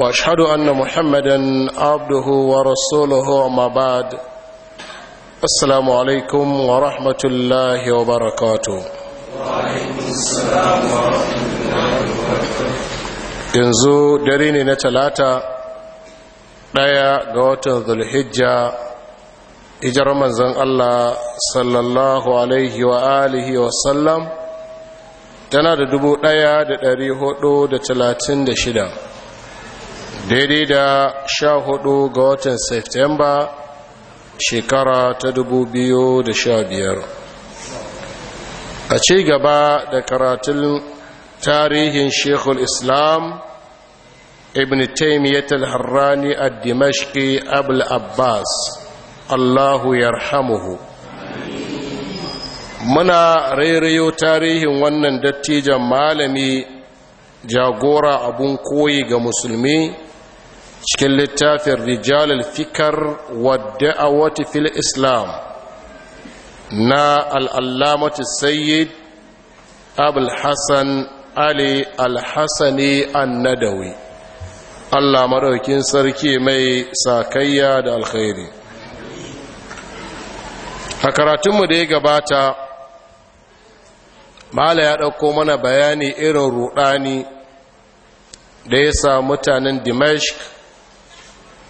واشهد ان محمدا عبده ورسوله اما بعد السلام عليكم ورحمه الله وبركاته وعليكم السلام ورحمه الله وبركاته yanzu dari ne na talata ɗaya ga watan zulhijja hijirar manzon Allah sallallahu alaihi wa alihi wa sallam tana da dubu ɗaya da ɗari hudu da talatin da shida daidai da sha hudu ga watan septemba shekara ta dubu biyu da sha biyar a ci gaba da karatun tarihin shekul islam ibn taimiyyat al-harrani al-dimashqi abul abbas allahu yarhamuhu muna rairayo tarihin wannan dattijan malami jagora abun koyi ga musulmi cikin littafin rijalul fikar wadda a wata fil islam na al'allamatu sayyid abul hassan ali alhassani annadawi allah maɗaukin sarki mai sakayya da alkhairi a karatunmu da ya gabata mala ya ɗauko mana bayani irin ruɗani da ya sa mutanen dimashq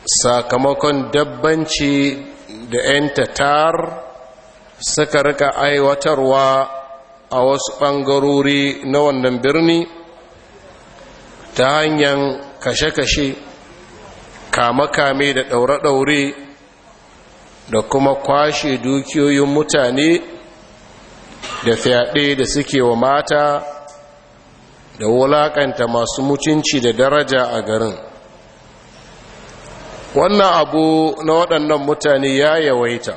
sakamakon dabbanci da 'yan tatar suka rika aiwatarwa a wasu ɓangarori na wannan birni ta hanyar kashe-kashe kame-kame da ɗaure-ɗaure da kuma kwashe dukiyoyin mutane da fyaɗe da suke wa mata da wulaƙanta masu mutunci da daraja a garin wannan abu na waɗannan mutane ya yawaita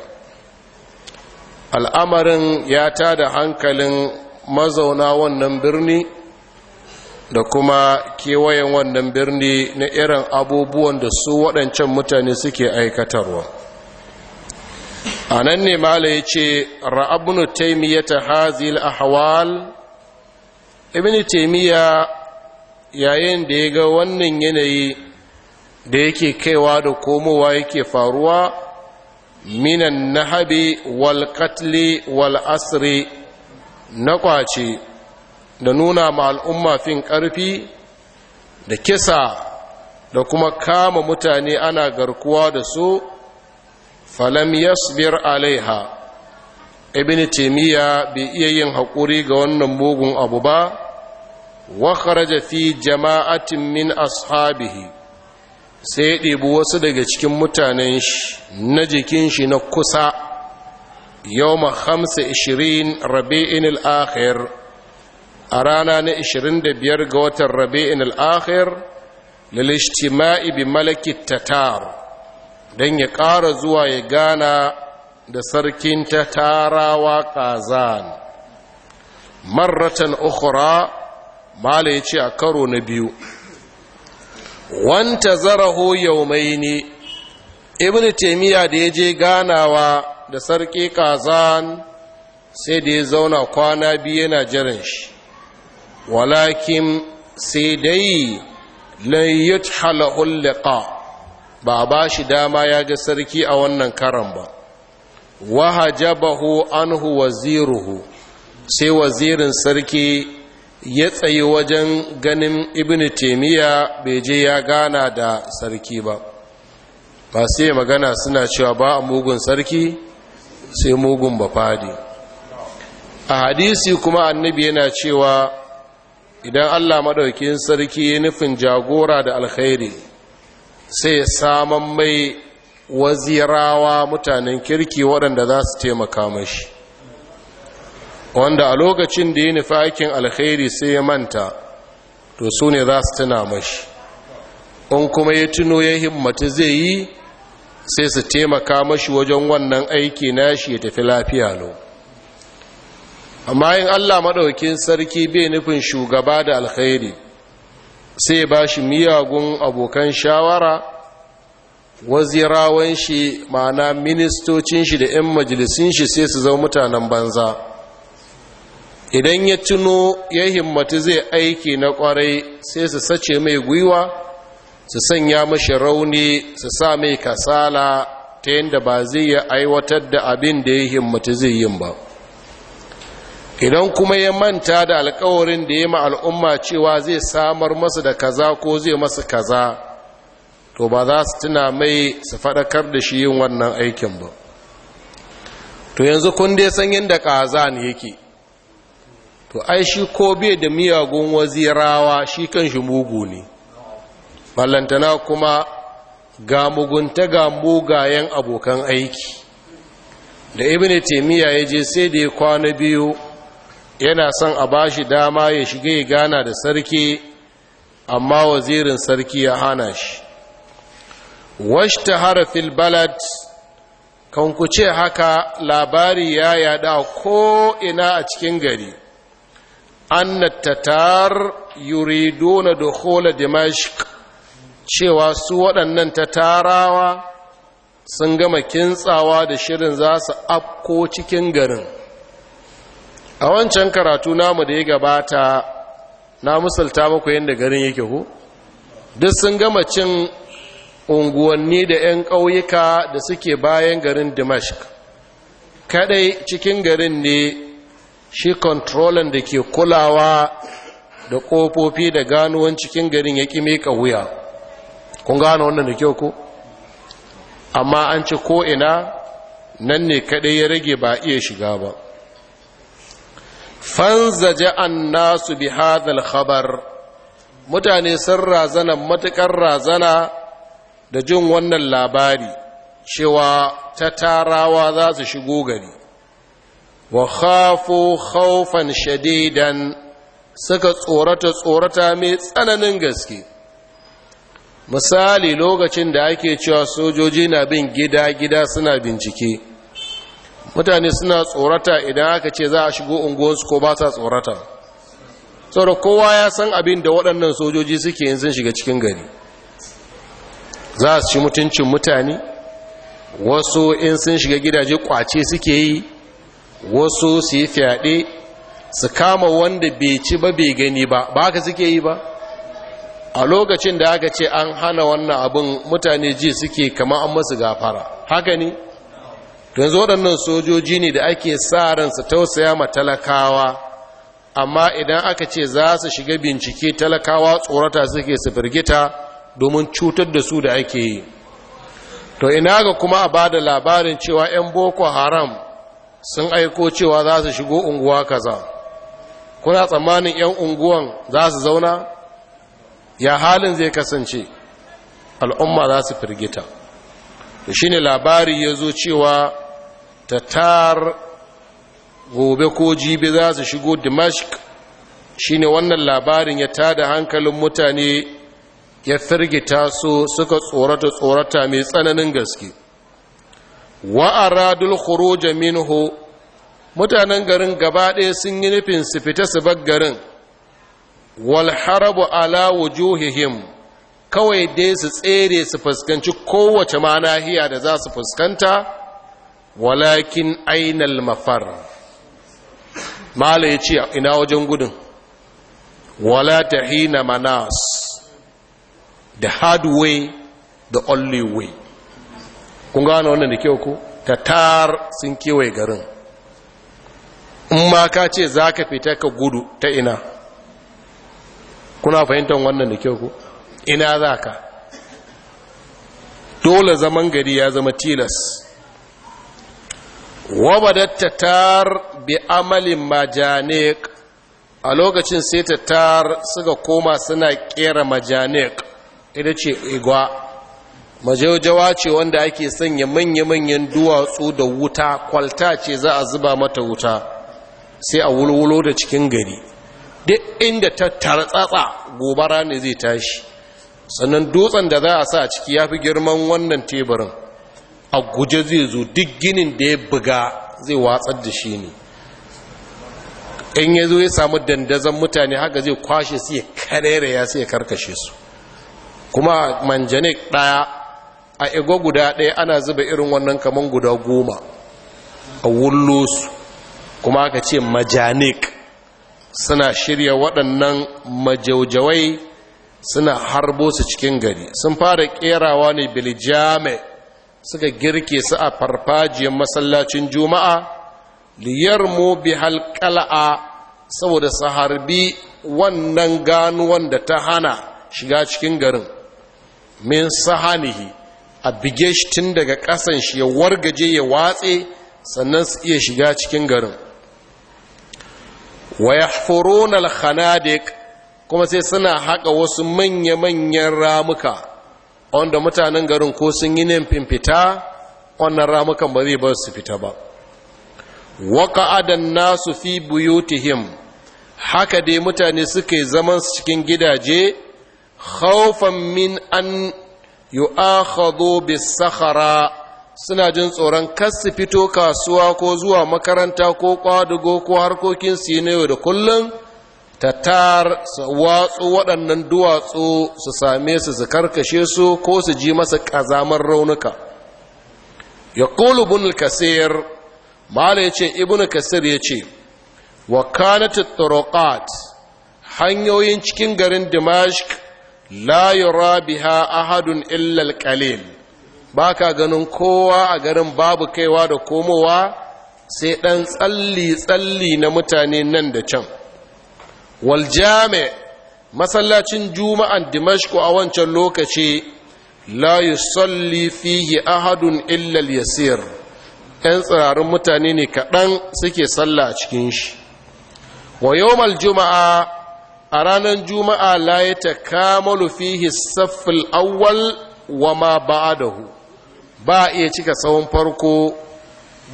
al'amarin ya tada hankalin mazauna wannan birni da kuma kewayen wannan birni na irin abubuwan da su waɗancan mutane suke aikatarwa a nan ne mala ya ce ra'abunu taimiyyata hazil ahwal ibini taimiyya yayin da ya ga wannan yanayi da yake kaiwa da komowa yake faruwa minan nahabi wal katli wal asri na kwace da nuna ma al'umma fin ƙarfi da kisa da kuma kama mutane ana garkuwa da su falam yasbir alaiha ibn taymiya bai iya yin haƙuri ga wannan mugun abu ba wa kharaja fi jama'atin min ashabihi sai ya ɗebi wasu daga cikin mutanen shi na jikin shi na kusa yau ma hamsa ishirin rabi'in al'akhir a rana na ishirin da biyar ga watan rabi'in al'akhir lalishtima'i bi malakit tatar don ya ƙara zuwa ya gana da sarkin tatarawa kazan marratan ukhra mala ya ce a karo na biyu wanta zarahu ne. ibn taimiyya da ya je ganawa da sarki kazan sai da ya zauna kwana biyu yana jiran shi walakin sai dai layyut yuthalahul ba ba shi dama ya ga sarki a wannan karan ba wahajabahu anhu waziruhu sai wazirin sarki ya tsayi wajen ganin ibn taimiyya bai je ya gana da sarki ba ba sai magana suna cewa ba a mugun sarki sai mugun ba fadi a hadisi kuma annabi yana cewa idan allah maɗaukin sarki ya nufin jagora da alkhairi sai saman mai wazirawa mutanen kirki waɗanda za su taimaka mashi wanda a lokacin da ya nufi aikin alkhairi sai ya manta to su ne za su tuna mashi in kuma ya tuno ya himmatu zai yi sai su taimaka mashi wajen wannan aiki na shi ya tafi lafiya lo amma yin allah maɗaukin sarki bai nufin shugaba da alkhairi sai ba shi miyagun abokan shawara wazirawan shi ma'ana ministocin shi da 'yan majalisun shi sai su zama mutanen banza idan ya tuno ya himmatu zai aiki na kwarai sai su sace mai gwiwa su sanya mashi rauni su sa mai kasala ta yadda ba zai ya aiwatar da abin da ya himmatu zai yin ba idan kuma ya manta da alkawarin da ya ma al'umma cewa zai samar masa da kaza ko zai masa kaza to ba za su tuna mai su faɗakar da shi yin wannan aikin ba to yanzu kunde dai san yadda ne yake to ai shi ko bai da miyagun wazirawa shi kan shi mugu ne ballantana kuma ga mugunta ga mugayen abokan aiki da ibn taimiyya ya je sai da ya kwana biyu yana son a ba shi dama ya shiga ya gana da sarki amma wazirin sarki ya hana shi washta harafil balad kan ku ce haka labari ya yada ko ina a cikin gari anna tatar yuriduna dukhola dimashq cewa su waɗannan tatarawa sun gama kintsawa da shirin za su afko cikin garin a wancan karatu namu da ya gabata na musulta muku yadda garin yake ku. duk sun gama cin unguwanni da 'yan ƙauyuka da suke bayan garin dimashq kadai cikin garin ne shi kontrolan da ke kulawa da ƙofofi da ganuwan cikin garin ya ƙi meka wuya kun gano wannan da kyau ko amma an ci ko'ina nan ne kaɗai ya rage ba iya shiga ba fanzaje an nasu bi hadal khabar mutane sun razana matuƙar razana da jin wannan labari cewa ta tarawa za su shigo gari wa khafu khawfan shadidan suka tsorata tsorata mai tsananin gaske misali lokacin da ake cewa sojoji na bin gida-gida suna bincike mutane suna tsorata idan aka ce za a shigo unguwarsu ko ba sa tsorata tsoro kowa ya san abin da waɗannan sojoji suke yin sun shiga cikin gari za su ci mutuncin mutane wasu in sun shiga gidaje kwace suke yi wasu su yi fyaɗe su kama wanda bai ci ba bai gani ba ba ka suke yi ba a lokacin da aka ce an hana wannan abin mutane ji suke kama an masu gafara haka ne yanzu waɗannan sojoji ne da ake sa ran su tausaya ma talakawa amma idan aka ce za su shiga bincike talakawa tsorata suke su firgita domin cutar da su da ake yi to ina ga kuma a ba da labarin cewa 'yan boko haram sun aiko cewa za su shigo unguwa kaza kuna tsammanin 'yan unguwan za su zauna ya halin zai kasance al'umma za su firgita da shi ne labari ya zo cewa tatar gobe ko jibi za su shigo dimashq shi ne wannan labarin ya tada hankalin mutane ya firgita su suka tsorata tsorata mai tsananin gaske wa aradul khuruj minhu mutanen garin gaba ɗaya sun yi nufin su fita su bar garin wal harabu ala wujuhihim kawai dai su tsere su fuskanci kowace ma da za su fuskanta walakin ainal mafar mala ya ce ina wajen gudun wala ta hina manas the hard way the only way kun gano wannan da kyau ku tar sun kewaye garin in ma ka ce za ka fita ka gudu ta ina kuna fahimtar wannan da kyau ku ina za ka dole zaman gari ya zama tilas wabadar tar bi amalin majanik a lokacin sai tar suka koma suna kera majanek. ita ce igwa majaujawa ce wanda ake sanya manya-manyan duwatsu da wuta kwalta ce za a zuba mata wuta sai a wulwulo da cikin gari duk inda ta tartsatsa gobara ne zai tashi sannan dutsen da za a sa ciki ya fi girman wannan teburin a guje zai zo duk ginin da ya buga zai watsar da shi ne in ya zo ya samu dandazan mutane haka zai kwashe su ya karere ya sai ya karkashe su kuma manjanik ɗaya a ego guda ɗaya ana zuba irin wannan kamar guda goma a wullo kuma aka ce majanik suna shirya waɗannan majaujawai suna harbo su cikin gari sun fara ƙerawa ne biljame suka girke su a farfajiyar masallacin juma'a liyar mu bi halƙala'a saboda su harbi wannan ganuwan da ta hana shiga cikin garin min sahanihi a bige shi tun daga ƙasan shi ya wargaje ya watse sannan su iya shiga cikin garin wa yahfuruna al kuma sai suna haƙa wasu manya-manyan ramuka wanda mutanen garin ko sun yi nufin fita wannan ramukan ba zai bar su fita ba adan nasu fi buyutihim haka dai mutane suka yi zaman su cikin gidaje khawfan min an akhadhu bis-sakhara suna jin tsoron kar su fito kasuwa ko zuwa makaranta ko kwadugo ko harkokin su na yau da kullun. tatar su watsu waɗannan duwatsu su same su su karkashe su ko su ji masa ƙazamar raunuka ya ƙulu bin kasir mala ya ce ibn kasir ya ce wa kanat turuqat hanyoyin cikin garin dimashq la yura biha ahadun illal qalil baka ganin kowa a garin babu kaiwa da komowa sai dan tsalli tsalli na mutane nan da can wal jami masallacin juma'an dimashq a wancan lokaci la yusalli fihi ahadun illal yasir yan tsirarin mutane ne kaɗan suke sallah cikin shi wa yawmal juma'a a ranar juma'a la ya ta kamalu fi saffil awwal wa ma hu ba iya cika tsawon farko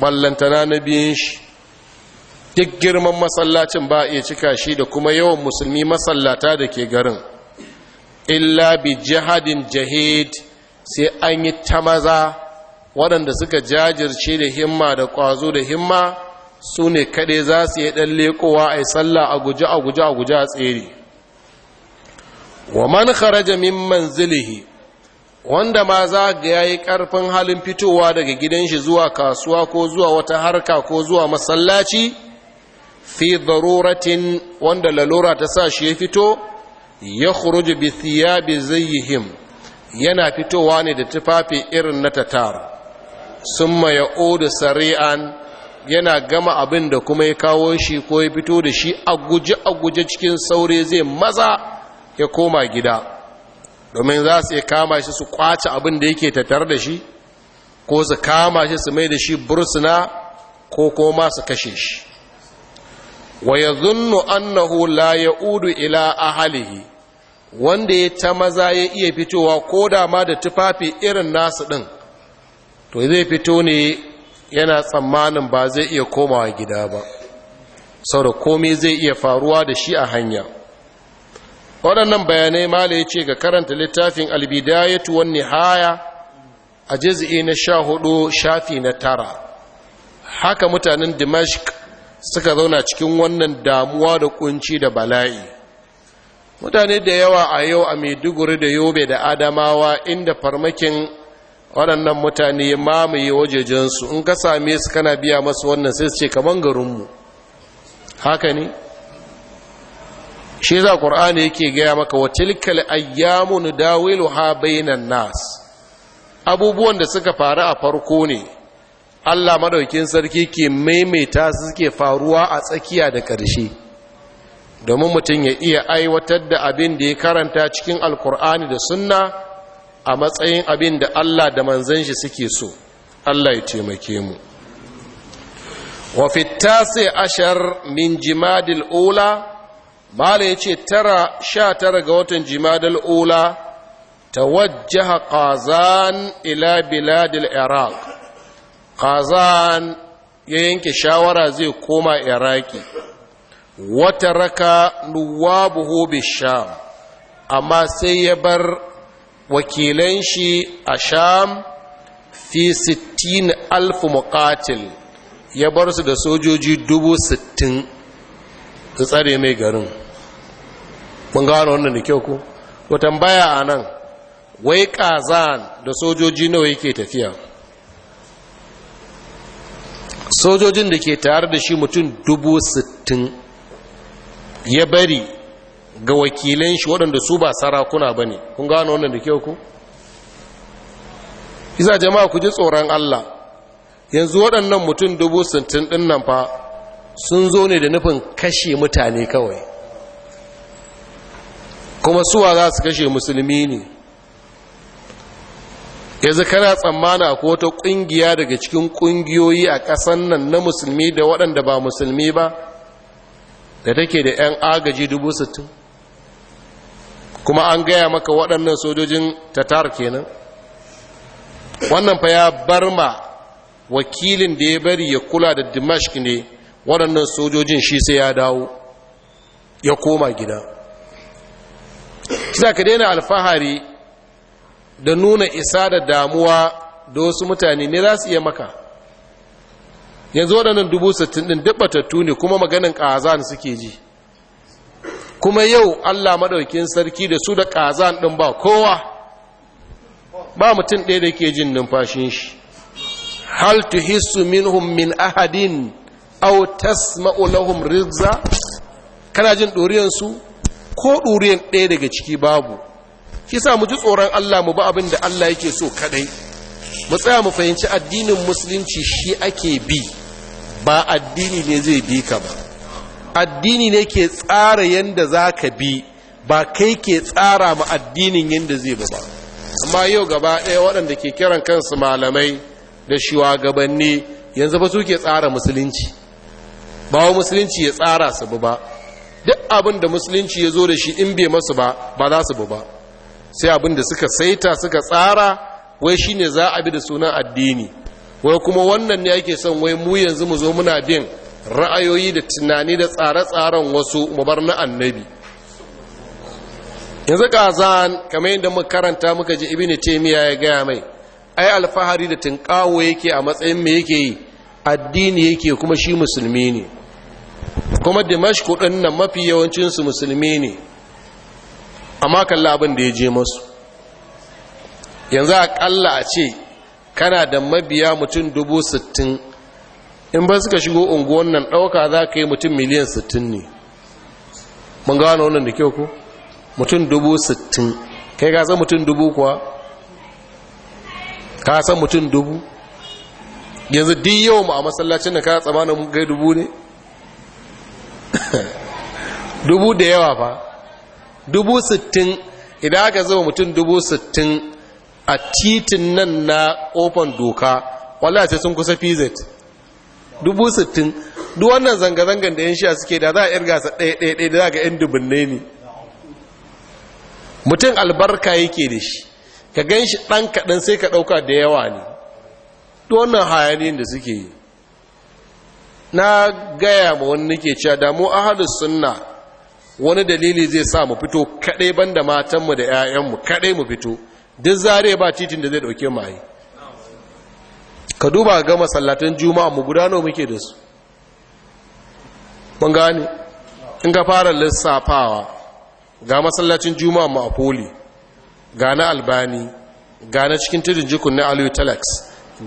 ballantana na biyun shi duk girman masallacin ba a iya cika shi da kuma yawan musulmi masallata da ke garin illa bi jihadin jahid sai an yi ta maza waɗanda suka jajirce da himma da ƙwazo da himma su ne kaɗai za su yi ɗan leƙowa a yi sallah a guji a guji a guji a tsere wa man kharaja min manzilihi wanda ma za ga ya yi ƙarfin halin fitowa daga gidan shi zuwa kasuwa ko zuwa wata harka ko zuwa masallaci fi zaruratin wanda lalura ta sa shi ya fito ya khuruju bi yi zayyihim yana fitowa ne da tufafi irin na tatar ya odu sari'an yana gama abin da kuma ya kawo shi ko ya fito da shi a guje a guje cikin saure zai maza ya koma gida domin za su kama shi su kwace abin da yake tattar da shi ko su kama shi su mai da shi bursuna ko koma su kashe shi wa ya zunnu annahu la udu ila ahalihi wanda ya ta maza ya iya fitowa ko da ma da tufafi irin nasu din, to zai fito ne yana tsammanin ba zai iya komawa gida ba sau da komai zai iya faruwa da shi a hanya waɗannan bayanai mala ya ce ga karanta littafin albida ya tuwon nihaya a jiz'i na sha hudu shafi na tara haka mutanen dimashq suka zauna cikin wannan damuwa da kunci da bala'i mutane da yawa a yau a maiduguri da yobe da adamawa inda farmakin waɗannan mutane mamaye wajejensu in ka same su kana biya masu wannan sai su ce kamar garinmu haka ne shi za ƙur'ani yake gaya maka wa tilkal ayyamu dawilu ha bainan nas abubuwan da suka faru a farko ne Allah madaukin sarki ke maimaita suke faruwa a tsakiya da ƙarshe domin mutum ya iya aiwatar da abin da ya karanta cikin alkur'ani da sunna a matsayin abin da Allah da manzan shi suke so Allah ya taimake mu wa fitase ashar min jimadil ula mala ce tara sha tara ga watan jimadil ula tawajjaha qazan ila biladil iraq qazan ya yanke shawara zai koma iraki wata raka nuwabuhu bisham amma sai ya bar wakilan shi a sham fi sittin alfu mukatil ya bar su da sojoji dubu sittin su tsare mai garin mun gano wannan da kyau ku watan tambaya a nan wai kazan da sojoji nawa yake tafiya sojojin da ke tare da shi mutum dubu sittin ya bari ga wakilan shi waɗanda su ba sarakuna ba ne kun gano wannan da kyau ku? isa jama'a ku ji tsoron allah yanzu waɗannan mutum dubu sittin ɗin nan fa sun zo ne da nufin kashe mutane kawai kuma suwa za su kashe musulmi ne yanzu kana tsammana ko wata ƙungiya daga cikin ƙungiyoyi a ƙasan nan na musulmi da waɗanda ba musulmi ba da take da 'yan agaji dubu sittin kuma an gaya maka waɗannan sojojin tatar kenan wannan fa ya bar ma wakilin da ya bari ya kula da dimashq ne waɗannan sojojin shi sai ya dawo ya koma gida kisa ka daina alfahari da nuna isa da damuwa da wasu mutane ne za su iya maka yanzu waɗannan dubu sittin ɗin dubbatattu ne kuma maganin ƙazan suke ji kuma yau Allah Maɗaukin sarki da su da kazan ɗin ba kowa ba mutum ɗaya da ke jin numfashin shi hal tuhissu minhum min ahadin aw tasma'u lahum rizza kana jin ɗoriyan ko ɗoriyan ɗaya daga ciki babu shi sa mu ji tsoron Allah mu ba abin da Allah yake so kadai mu tsaya mu fahimci addinin musulunci shi ake bi ba addini ne zai bi ka ba addini ne ke tsara yadda za ka bi ba kai ke tsara ma addinin yadda zai ba amma yau gaba ɗaya waɗanda ke kiran kansu malamai da shugabanni yanzu ba su ke tsara musulunci ba wa musulunci ya tsara su ba duk abin da musulunci ya zo da shi in bai masu ba ba za su ba sai abin da suka saita suka tsara wai shi ne za a bi da sunan addini wai kuma wannan ne ake son wai mu yanzu mu zo muna bin ra'ayoyi da tunani da tsare-tsaren wasu mabar na annabi yanzu kazan kamar yadda muka karanta muka ji ibini taimiya ya gaya mai ai alfahari da tunkawo yake a matsayin mai yake yi addini yake kuma shi musulmi ne kuma dimash kudin nan mafi yawancinsu musulmi ne amma kalla abin da ya je masu yanzu a akalla a ce kana da mabiya mutum dubu sittin in ba suka shigo unguwan nan ɗauka za ka yi mutum miliyan 60 ne mun gano wannan da kyau ko mutum 60 kai ka san mutum dubu kuwa ka san mutum dubu yanzu din yau ma a masallacin da ka tsamanin gai dubu ne dubu da yawa fa dubu sittin idan aka zama mutum dubu sittin a titin nan na kofan doka wallah sai sun kusa fizet dubu sittin duk wannan zanga-zangan da 'yan shiya suke da za a irga sa ɗaya-ɗaya da za ga 'yan dubinne ne mutum albarka yake da shi ka gan shi ɗan kaɗan sai ka ɗauka da yawa ne duk wannan hayaniyar da suke yi na gaya ma wani nake cewa damu ahalus sunna wani dalili zai sa mu fito kaɗai ban da matanmu da 'ya'yanmu kaɗai mu fito duk zare ba titin da zai ɗauke mu yi ka duba ga masallatan juma'a mu gudano muke da su mun gane in ka fara lissafawa ga masallacin juma'a mu a poli ga na albani ga na cikin tudun jikun na aliyu telex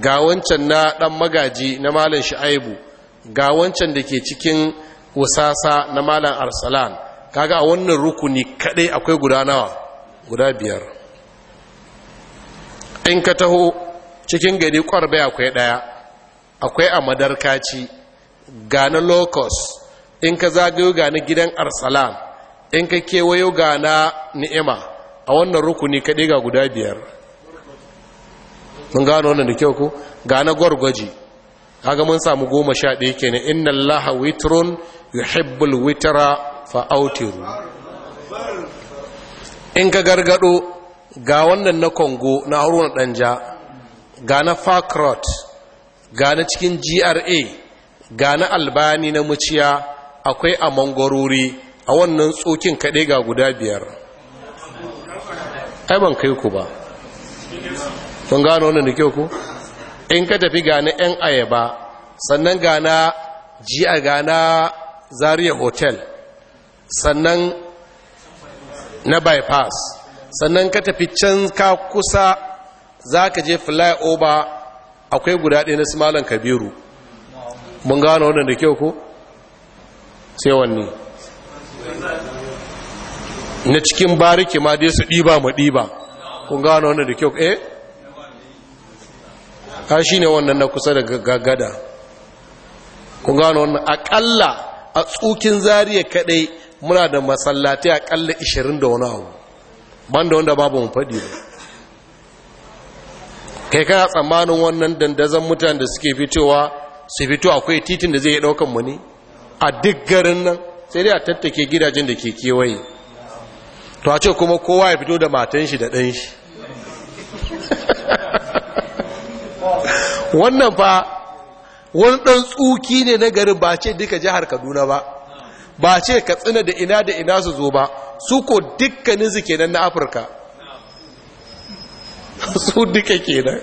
ga wancan na dan magaji na malam sha'ibu ga wancan da ke cikin wasasa na malam arsalan kaga a wannan rukuni kadai akwai guda nawa guda biyar in ka taho cikin gari kwarbe akwai ɗaya akwai a madarkaci ga na locust in ka zagayo ga gidan arsalan in ka kewayo ga na ni'ima a wannan rukuni kaɗai ga guda biyar mun gano wannan da kyau ku ga na gwargwaji kaga mun samu goma sha ɗaya ke ne inna allaha witrun yuhibbul witra fa autiru in ka gargado ga wannan na kongo na haruna ɗanja ga na fakrot ga cikin gra gana albani na muciya akwai a mangwarori a wannan tsokin kaɗai ga guda biyar ai ban kai ku ba kun gano wannan da kyau ku in ka tafi ga na 'yan ayaba sannan ga na ga na zariya hotel sannan na bypass sannan ka tafi can ka kusa za ka je flyover akwai guda ɗaya na simalan kabiru mun gano wadanda da kyau ko sai wanne na cikin bariki ma dai su ɗiba ma ɗiba kun gano wadanda da kyau eh ta shi ne wannan na kusa da gaggada kun gano wannan aƙalla a tsukin zariya kaɗai muna da masallatai aƙalla 20 da wani abu ban da wanda babu mu faɗi ba kai kana tsammanin wannan dandazon mutane da suke fitowa su fito akwai titin da zai daukan mu ne a duk garin nan sai dai a tattake gidajen da ke kewaye to a ce kuma kowa ya fito da matan shi da ɗan shi wannan fa wani ɗan tsuki ne na garin ba ce duka jihar kaduna ba ba ce ka tsina da ina da ina su zo ba su ko dukkaninsu kenan na afirka su duka kenan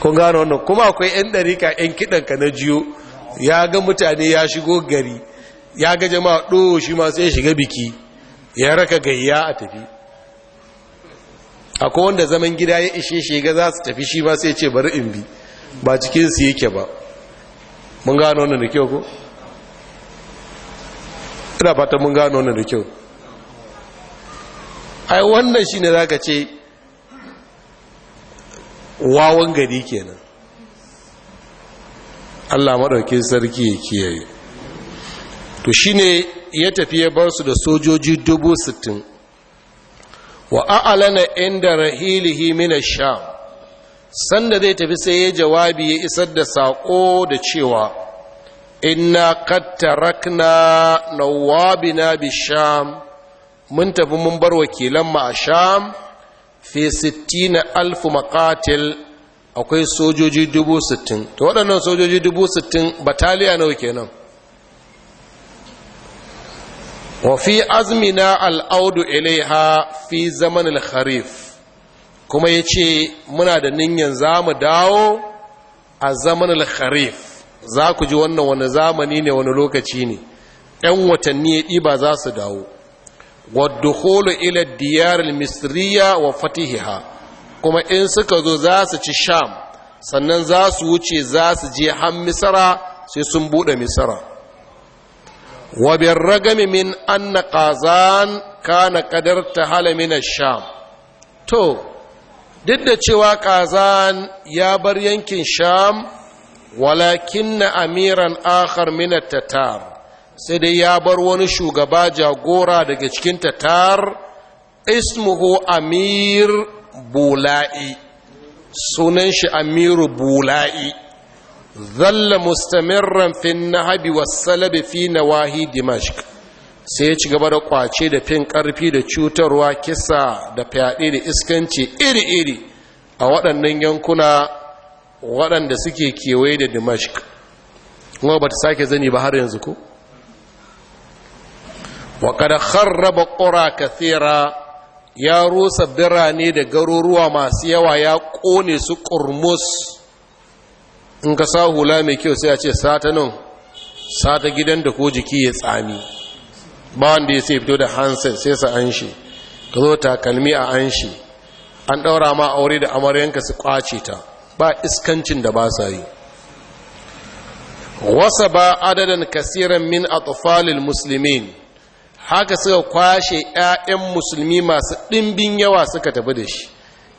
kun gano wannan kuma akwai 'yan ɗarika 'yan kiɗanka na jiyo ya ga mutane ya shigo gari ya ga jama'a ɗo shi masu ya shiga biki ya raka gayya a tafi akwai wanda zaman gida ya ishe shiga za su tafi shi masu ya ce bari in bi ba cikinsu yake ba mun gano wannan da kyau ko? ina fata mun gano wannan da kyau ai wannan shine zaka ce wawan gari kenan Allah madaukin sarki ya kiyaye to shine ya tafi ya bar su da sojoji dubu sittin wa a'lana inda rahilihi min ash-sham sanda zai tafi sai ya jawabi ya isar da saƙo da cewa inna qad tarakna nawabina bi-sham mun tafi mun bar wakilan ma a sham fi sittina alfu makatil akwai sojoji dubu sittin to waɗannan sojoji dubu sittin bataliya nawa kenan wa fi azmina al'audu ilaiha fi zaman al-kharif kuma ya ce muna da ninyan za mu dawo a zaman al-kharif za ku ji wannan wani zamani ne wani lokaci ne ‘yan watanni ya ɗiba za su dawo waddukhulu ila diyar misriya wa fatihiha kuma in suka zo za su ci sham sannan za su wuce za su je har sai sun bude misra wa birragami min anna qazan kana qadarta hala min sham to duk da cewa qazan ya bar yankin sham walakin amiran akhar min tatar sai dai ya bar wani shugaba jagora daga cikin tatar ismuhu amir bula'i sunan shi amiru bula'i zalla mustamirran fin nahabi wassalabi fi nawahi dimashq sai ya ci gaba da kwace da fin karfi da cutarwa kisa da fyaɗe da iskanci iri-iri a waɗannan yankuna waɗanda suke kewaye da dimashq kuma ba ta sake zani ba har yanzu ko wa raba kharraba qura kathira ya rusa birane da garuruwa masu yawa ya kone su kurmus in ka sa hula mai kyau sai a ce sata nan sata gidan da ko jiki ya tsami ba wanda ya sai fito da hansen sai sa an ka zo takalmi a an an ɗaura ma aure da amaryanka su kwace ta ba iskancin da ba sa yi wasa ba adadin kasiran min a musulmin haka suka kwashe 'ya'yan musulmi masu ɗimbin yawa suka tafi da shi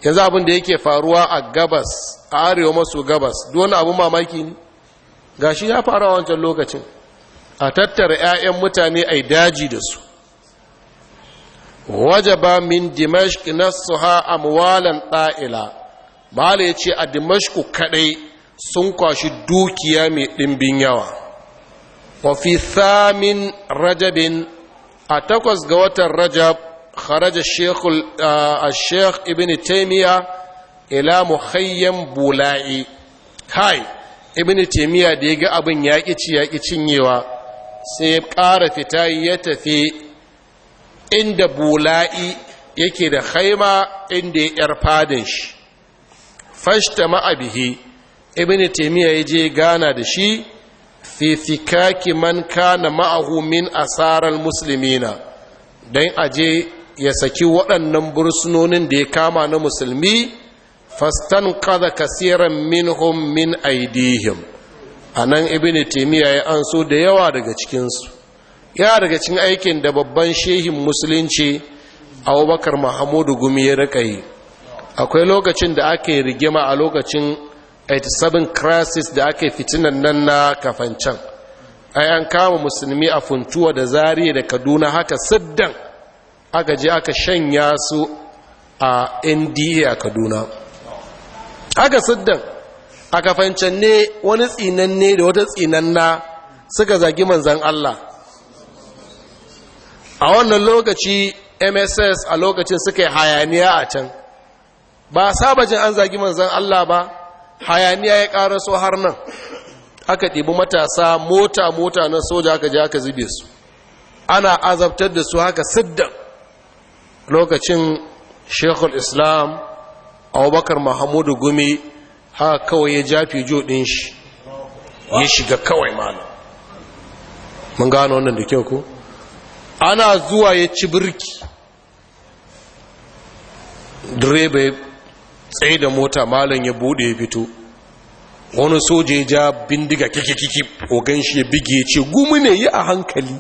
yanzu abin da yake faruwa a gabas a arewa maso gabas duwani abin mamaki ne ga shi ya faruwa wancan lokacin a tattara 'ya'yan mutane a daji da su wajaba min ha a muwalan ɗa'ila mala ya ce a dimashku kaɗai sun kwashi dukiya mai ɗimbin yawa wa fi rajabin a takwas ga watan rajab kharaja shekul a shek ibn taimiyya ila muhayyan bula'i Hai! ibn taimiyya da ya ga abin yaƙi ya yaƙi cinyewa sai ya ƙara fita ya tafi inda bula'i yake da haima inda ya ‘yar fadin shi fashta ma'abihi ibn taimiyya ya je gana da shi fi fikaki man kana ma'ahu min asarar musulmina don aje ya saki waɗannan bursunonin da ya kama na musulmi fastan kada kasiran minhum min aidihim a nan ibini taimiyya ya anso da yawa daga cikinsu ya daga cikin aikin da babban shehin musulunci abubakar mahamudu gumi ya rika yi akwai lokacin da ake rigima a lokacin 87 crisis da ake fitinan nan na kafancan ai an kama musulmi a funtuwa da zariya da kaduna haka saddan aka je aka shanya su a nda a kaduna haka saddan a kafancan ne wani tsinan ne da wata tsinan na suka zagi manzan allah a wannan lokaci mss a lokacin suka hayaniya a can ba saba jin an zagi manzan allah ba hayaniya ya ƙara so har nan aka ɗibi matasa mota-mota na soja aka ji aka zube su ana azabtar da su haka siddan lokacin shekul islam abubakar mahamudu gumi haka kawai ya jafi jo shi ya shiga kawai malam mun gano wannan da kyau ko ana zuwa ya ci birki direba tsaye da mota malam ya bude ya fito wani soja ya ja bindiga kikikiki ogan shi ya bige ya ce gumi ne yi a hankali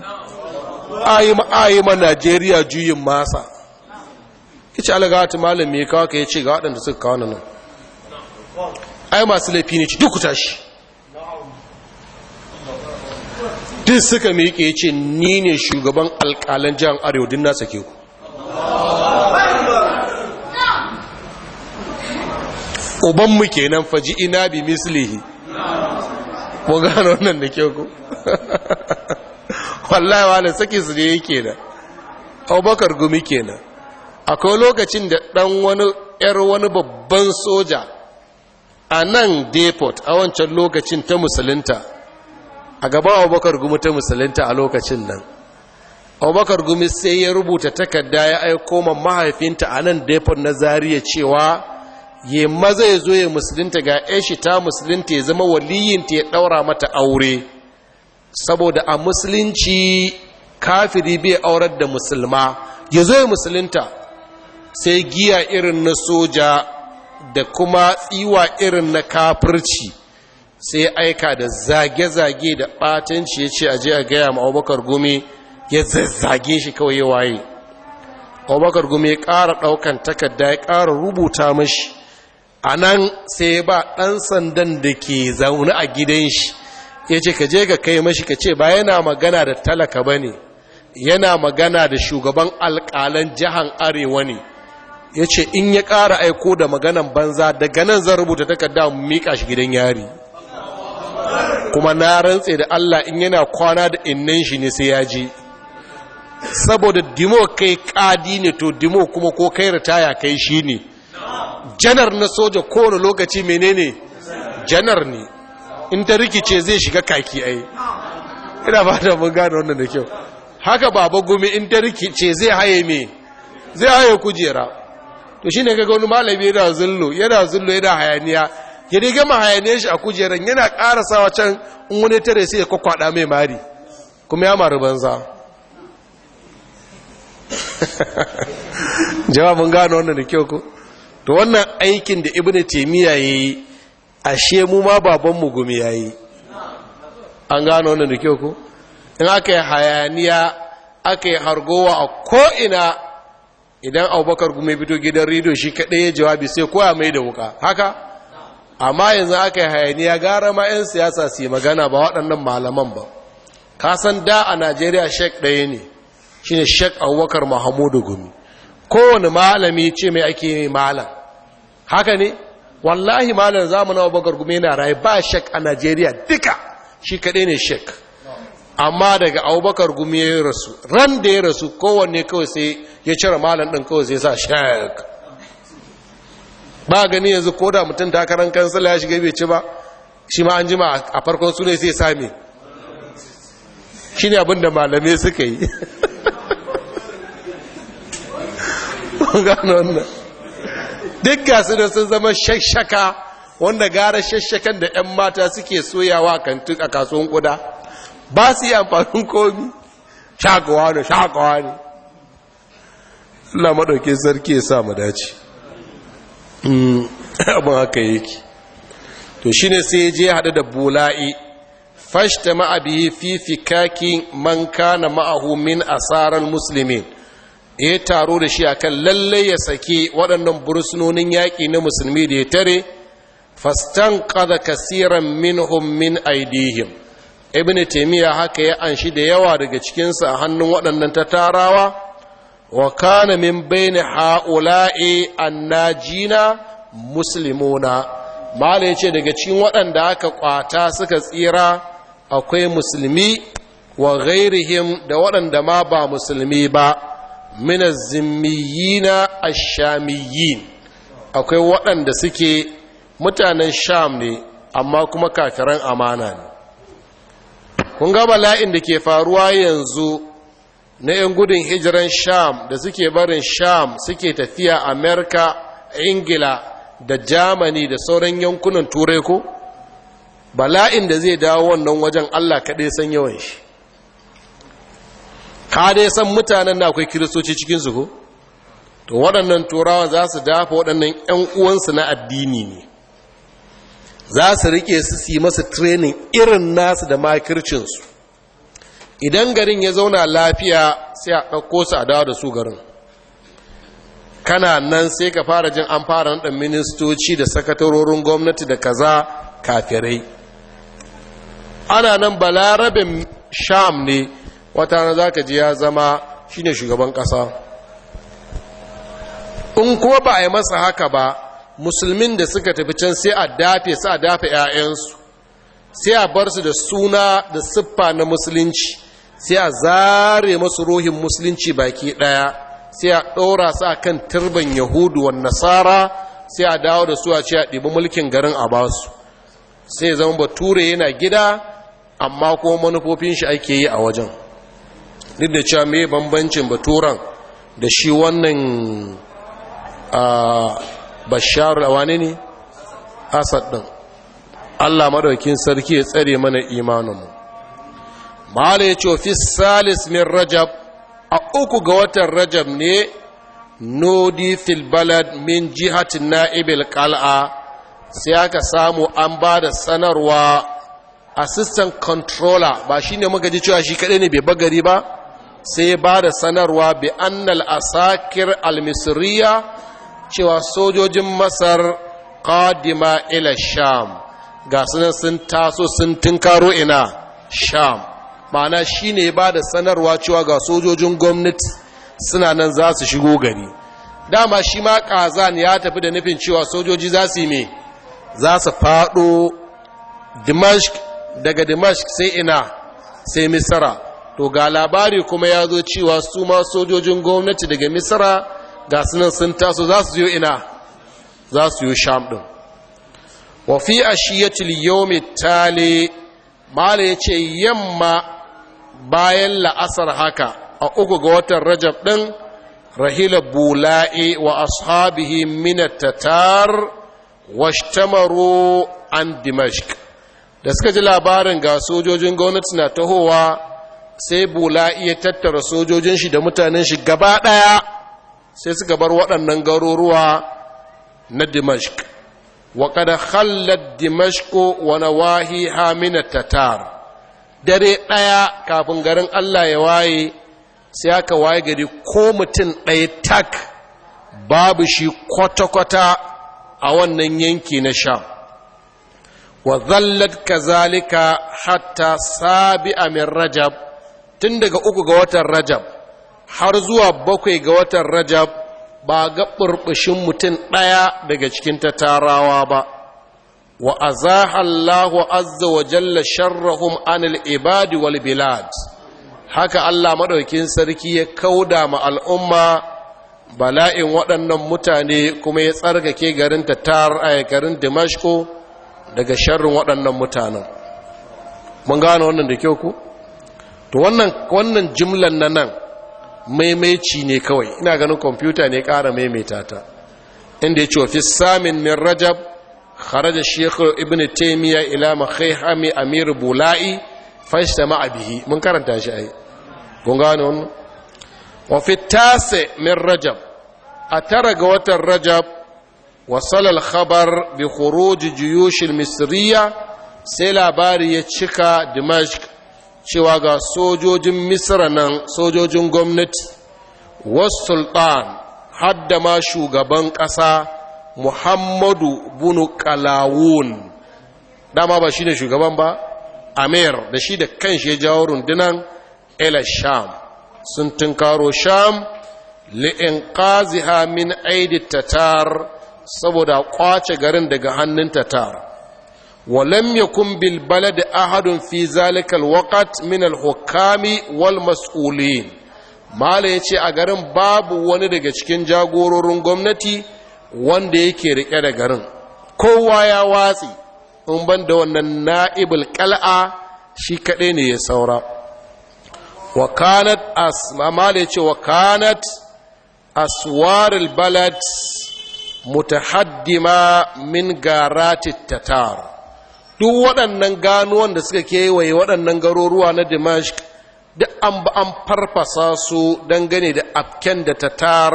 ayima ayima najeriya juyin masa ya ce alagawata malam mai kawo ka ya ce ga waɗanda suka kawo nan ai masu laifi ne ci duk tashi duk suka miƙe ya ce ni ne shugaban alƙalan jihar arewa din na sake ku ubanmu kenan faji ina bi mislihi mun gano wannan da kyau ku wallahi wala saki su ne yake da abubakar gumi kenan akwai lokacin da dan wani yar wani babban soja a nan depot a wancan lokacin ta musulunta a gaba abubakar gumi ta musulunta a lokacin nan abubakar gumi sai ya rubuta takarda ya aiko ma mahaifinta a nan depot na zariya cewa ya maza ya zo ya musulunta ga yashi ta musulunta ya zama waliyinta ya ɗaura mata aure saboda a musulunci kafiri bai aurar da musulma ya zo ya musulunta sai giya irin na soja da kuma tsiwa irin na kafirci sai aika da zage-zage da ɓatanci ya ce aje a gaya ma abubakar gumi ya zazzage shi kawai ya waye abubakar gumi ya ƙara ɗaukan takarda ya ƙara rubuta mashi a nan sai ba ɗan sandan da ke zaune a gidan shi ya ce ka je ka kai mashi ka ce ba yana magana da talaka ba ne yana magana da shugaban alƙalan jihar arewa ne ya ce in ya ƙara aiko da maganan banza daga nan zan rubuta takarda miƙa shi gidan yari kuma na rantse da allah in yana kwana da innan shi ne sai ya je saboda dimo kai ƙadi ne to dimo kuma ko kai ritaya kai shi ne janar na soja kowane lokaci menene janar ne in ta rikice zai shiga kaki ai ina ba da mun gane wannan da kyau haka baba gumi in ta rikice zai haye me zai haye kujera to shine kaga wani malami yana zullo yana zullo yana hayaniya ya dai gama hayaniyar shi a kujeran yana karasawa can in wani tare sai ya kwakwada mai mari kuma ya mari banza jawabin gano wannan da kyau ko to wannan aikin da ibn taymiya yayi ashe mu ma baban mu gumi yayi an gano wannan da kyau ko in aka yi hayaniya aka yi hargowa a ko'ina idan abubakar gume fito gidan rido shi kaɗai ya jawabi sai koya mai da wuka haka amma yanzu aka yi hayaniya gara ma 'yan siyasa su magana ba waɗannan malaman ba kasan da a najeriya shek ɗaya ne shi ne shek abubakar mahamudu gumi kowane malami ce mai ake malam haka ne wallahi malam wa abubakar gume na raye ba shek a najeriya duka shi kaɗai ne shek amma daga abubakar gume ya rasu ran da ya rasu kowanne kawai sai ya cire malam ɗin kawai sai sa shek ba gani yanzu ko da mutum takarar kansila ya shiga bai ci ba shi ma an jima a farkon su ne sai sami shi ne abinda malamai suka yi dukkan su da sun zama shashaka wanda gara shashakan da 'yan mata suke soyawa a kasuwan kuda ba su yi amfanin komi shakawa ne shakawa ne Allah maɗauki sarki ya sa mu dace mm, abin haka yake to shi ne sai je haɗu da bula'i fashta ma'abi fi kakin man kana ma'ahu min asarar musulmin ya taro da shi a kan lalle ya sake waɗannan bursunonin yaƙi na musulmi da ya tare fastan kada kasiran min min aidihim ibn taimiyya haka ya anshi da yawa daga cikinsa a hannun waɗannan tatarawa wa kana min bayni haula'i annajina muslimuna mala ce daga cikin waɗanda aka kwata suka tsira akwai musulmi wa ghairihim da waɗanda ma ba musulmi ba mina a shamiyin akwai waɗanda suke mutanen sham ne amma kuma kafiran amana ne kun ga bala'in da ke faruwa yanzu na 'yan gudun hijiran sham da suke barin sham suke tafiya amerika ingila da germany da sauran yankunan turai ko bala'in da zai dawo wannan wajen allah kaɗai san yawan shi ka dai san mutanen na akwai kiristoci cikin to waɗannan turawa za su dafa waɗannan 'yan uwansu na addini ne za su rike su su yi masa training irin nasu da makircinsu idan garin ya zauna lafiya sai a ɗauko su a dawo da su garin kana nan sai ka fara jin an fara ɗan ministoci da sakatarorin gwamnati da kaza kafirai ana nan balarabin sham ne wata na za ka ji ya zama shi ne shugaban ƙasa in kuma ba a yi masa haka ba musulmin da suka tafi can sai a dafe su a dafe 'ya'yansu sai a bar su da suna da siffa na musulunci sai a zare masu ruhin musulunci baki ɗaya sai a ɗora su a kan turban yahudu wa nasara sai a dawo da su a ce a ɗibi mulkin garin a basu sai zama bature yana gida amma kuma manufofin shi ake yi a wajen duk da cewa mai bambancin baturan da shi wannan a bashar wane ne asad din allah madaukin sarki ya tsare mana imaninmu mahala ya ce fi salis min rajab a uku ga watan rajab ne nodi fil balad min jihatin Ibil kal'a sai aka samu an ba da sanarwa assistant controller ba shi ne magaji cewa shi kaɗai ne bai bagari ba sai ba da sanarwa bi annal asakir al-misriya cewa sojojin masar qadima ila sham ga sunan sun taso sun tinkaro ina sham ma'ana shine ba da sanarwa cewa ga sojojin gwamnati suna nan za su shigo gari dama shi ma kazan ya tafi da nufin cewa sojoji za su yi me za su faɗo daga dimashq sai ina sai misra to ga labari kuma ya zo cewa su ma sojojin gwamnati daga misra ga sunan sun taso za su yi ina za su yi sham ɗin wafi a shiyatul yomi tale mala ya ce yamma bayan la'asar haka a uku ga watan rajab ɗin rahila bula'i wa ashabihi minat tatar washtamaru an dimashq da suka ji labarin ga sojojin gwamnati na tahowa sai bula iya tattara sojojin shi da mutanen shi gaba ɗaya sai suka bar waɗannan garuruwa na dimashq wa kada khallat dimashqu wa nawahi hamina tatar dare ɗaya kafin garin Allah ya waye sai aka waye gari ko mutum ɗaya tak babu shi kwata-kwata a wannan yanki na sha. wa zallat kazalika hatta Sabi min rajab tun daga uku ga watan rajab har zuwa bakwai ga watan rajab ba ga ɓurɓushin mutum ɗaya daga cikin tattarawa ba wa Allahu azza wa jalla sharrahum anil ibadi wal bilad haka Allah maɗaukin sarki ya kauda ma al'umma bala'in waɗannan mutane kuma ya tsarkake garin ta tar a eh, garin dimashko daga sharrin waɗannan mutanen mun gane wannan da kyau ku to wannan wannan jimlan na nan maimaici ne kawai ina ganin kwamfuta ne ƙara maimaita ta inda ya ce wa fi samin min rajab kharaja shekhu ibn taimiyya ila makhayhami amir bula'i fashta bihi mun karanta shi ai kun gane wannan wa fi tase min rajab a tara ga watan rajab وصل الخبر بخروج جيوش المصرية sai labari ya cika dimashq cewa ga sojojin misra nan sojojin gwamnati wasu sultan hadda ma shugaban ƙasa muhammadu bunu kalawun dama ba shi ne shugaban ba amir da shi da kanshi ya jawo rundunan ila sham sun tunkaro sham li'in ƙaziha min aidi tatar saboda kwace garin daga hannun tatar ولم يكن بالبلد أحد في ذلك الوقت من الحكام والمسؤولين mala ya ce a garin babu wani daga cikin jagororin gwamnati wanda yake rike da garin kowa ya watsi in ban da wannan na'ibul kal'a shi kaɗai ne ya saura wakanat ya ce wakanat aswaril balad mutahaddima min garatit tatar duk waɗannan ganuwan da suka kewaye waɗannan garuruwa na Dimash duk an ba an farfasa su dangane da afken da tar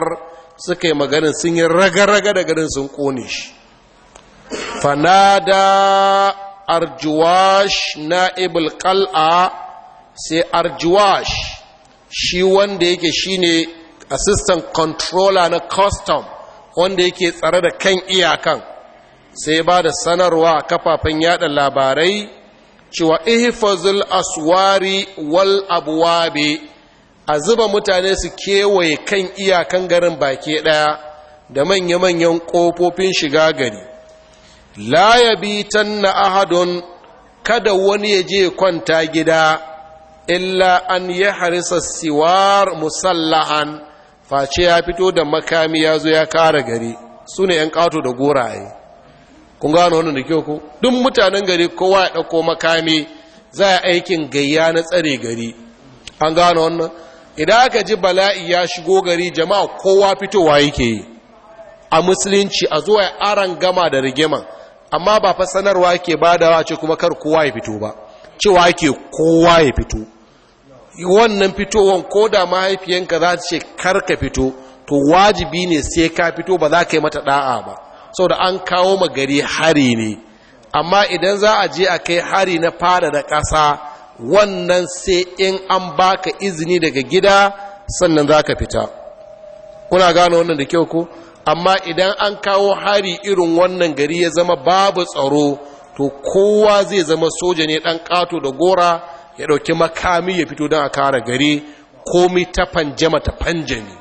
suka yi maganin sun yi raga-raga da garin sun ƙone shi fanada arjuwash na'ibul kal'a sai arjuwash shi wanda yake shine assistant controller na custom wanda yake tsare da kan iyakan sai ba da sanarwa kafafen yada labarai cewa ihfazul aswari wal abwabi a zuba mutane su kewaye kan iyakan garin baki daya da manya-manyan kofofin shiga gari la yabitan na ahadun kada wani ya je kwanta gida illa an yi harisa siwar musallahan face ya fito da makami ya zo ya kara gari su ne 'yan ƙato da goraye kun gano wannan da kyau ko duk mutanen gari kowa ya ɗauko makami za a aikin gayya na tsare gari an gano wannan idan aka ji bala'i ya shigo gari jama'a kowa fitowa yake yi a musulunci a zuwa ya aran gama da rigima. amma ba fa sanarwa ke badawa ce kuma kar kowa ya fito ba cewa ke kowa ya fito wannan fitowan ko da mahaifiyanka za ta ce kar ka fito to wajibi ne sai ka fito ba za ka yi mata da'a ba saboda an kawo ma gari hari ne amma idan za a je a kai hari na fada da ƙasa wannan sai in an baka izini daga gida sannan za ka fita kuna gano wannan da kyau ko amma idan an kawo hari irin wannan gari ya zama babu tsaro to kowa zai zama soja ne ɗan ƙato da gora ya ɗauki makami ya fito don a kare gari komi ta fanjama ta fanjami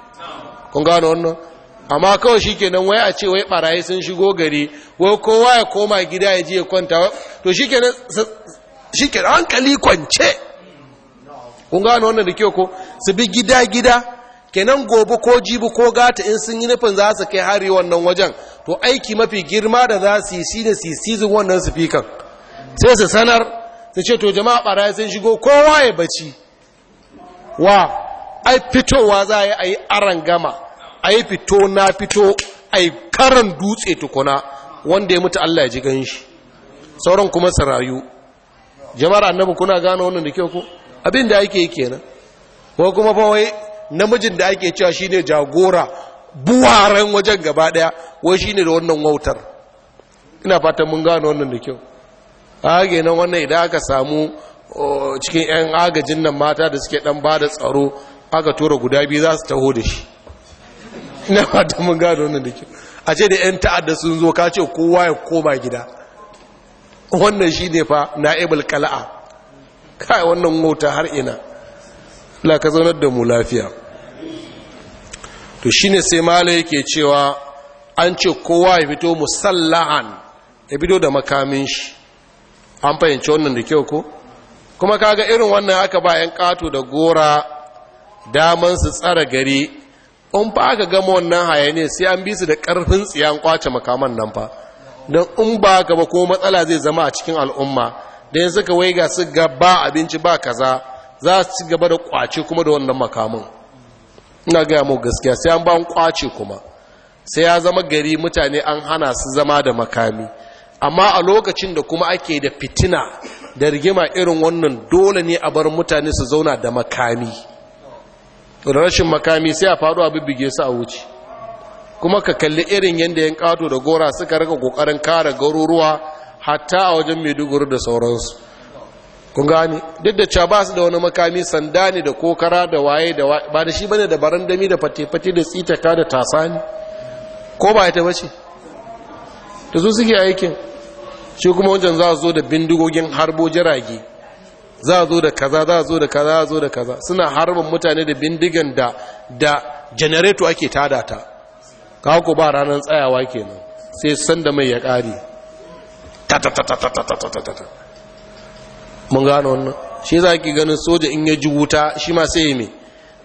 kun gano wannan amma kawai shi kenan wai a ce wai barayi sun shigo gari wai kowa ya koma gida ya ji ya kwanta to shi kenan shi kenan hankali kwance kun gano wannan da kyau ko su bi gida gida kenan gobe ko jibi ko gata in sun yi nufin za su kai hari wannan wajen to aiki mafi girma da za su yi shi da su wannan su fikan sai su sanar su ce to jama'a barayi sun shigo kowa ya baci wa ai fitowa za a yi a yi aran gama a yi fito na fito a yi karan dutse tukuna wanda ya mutu Allah ya ji gan shi sauran kuma su rayu jama'ar annabi kuna gano wannan da kyau ko abin da ake yi kenan ko kuma fawai namijin da ake cewa shine jagora buwaren wajen gaba daya wai shine da wannan wautar ina fatan mun gano wannan da kyau a nan wannan idan aka samu cikin 'yan agajin nan mata da suke dan ba da tsaro aka tura guda biyu za su taho da shi ina ba ta mun gado wannan da ke a ce da 'yan ta'adda sun zo ka ce kowa ya koma gida wannan shi ne fa na'ibul kala'a kai wannan mota har ina la ka zaunar da mu lafiya to shine sai mala yake cewa an ce kowa ya fito musalla'an ya fito da makamin shi an fahimci wannan da kyau ko kuma kaga irin wannan aka bayan kato da gora daman su tsara gari in ba aka gama wannan ne sai an bi su da ƙarfin tsiyan kwace makaman nan fa don in ba ka ba ko matsala zai zama a cikin al'umma da yanzu ka ga su ga ba abinci ba kaza za su ci gaba da kwace kuma da wannan makaman. ina gaya mu gaskiya sai an ba an kwace kuma sai ya zama gari mutane an hana su zama da makami amma a lokacin da kuma ake da fitina da rigima irin wannan dole ne a bar mutane su zauna da makami da rashin makami sai a faru a bige su a wuce kuma ka kalli irin yadda yan kato da gora suka rika kokarin kare garuruwa hatta a wajen maiduguri da sauransu kun gani duk da cewa ba su da wani makami sanda ne da kokara da waye da waye ba da shi bane da barandami da fate-fate da tsitaka da tasa ne? ko ba ita bace da su suke aikin shi kuma wajen za su zo da bindigogin harbo jirage za a zo da kaza za a zo da kaza za a zo da kaza suna harbin mutane da bindigan da da janareto ake tada ta kawo ko ba ranar tsayawa kenan sai san da mai ya ƙare mun gano wannan shi za ki ganin soja in ya ji wuta shi ma sai mai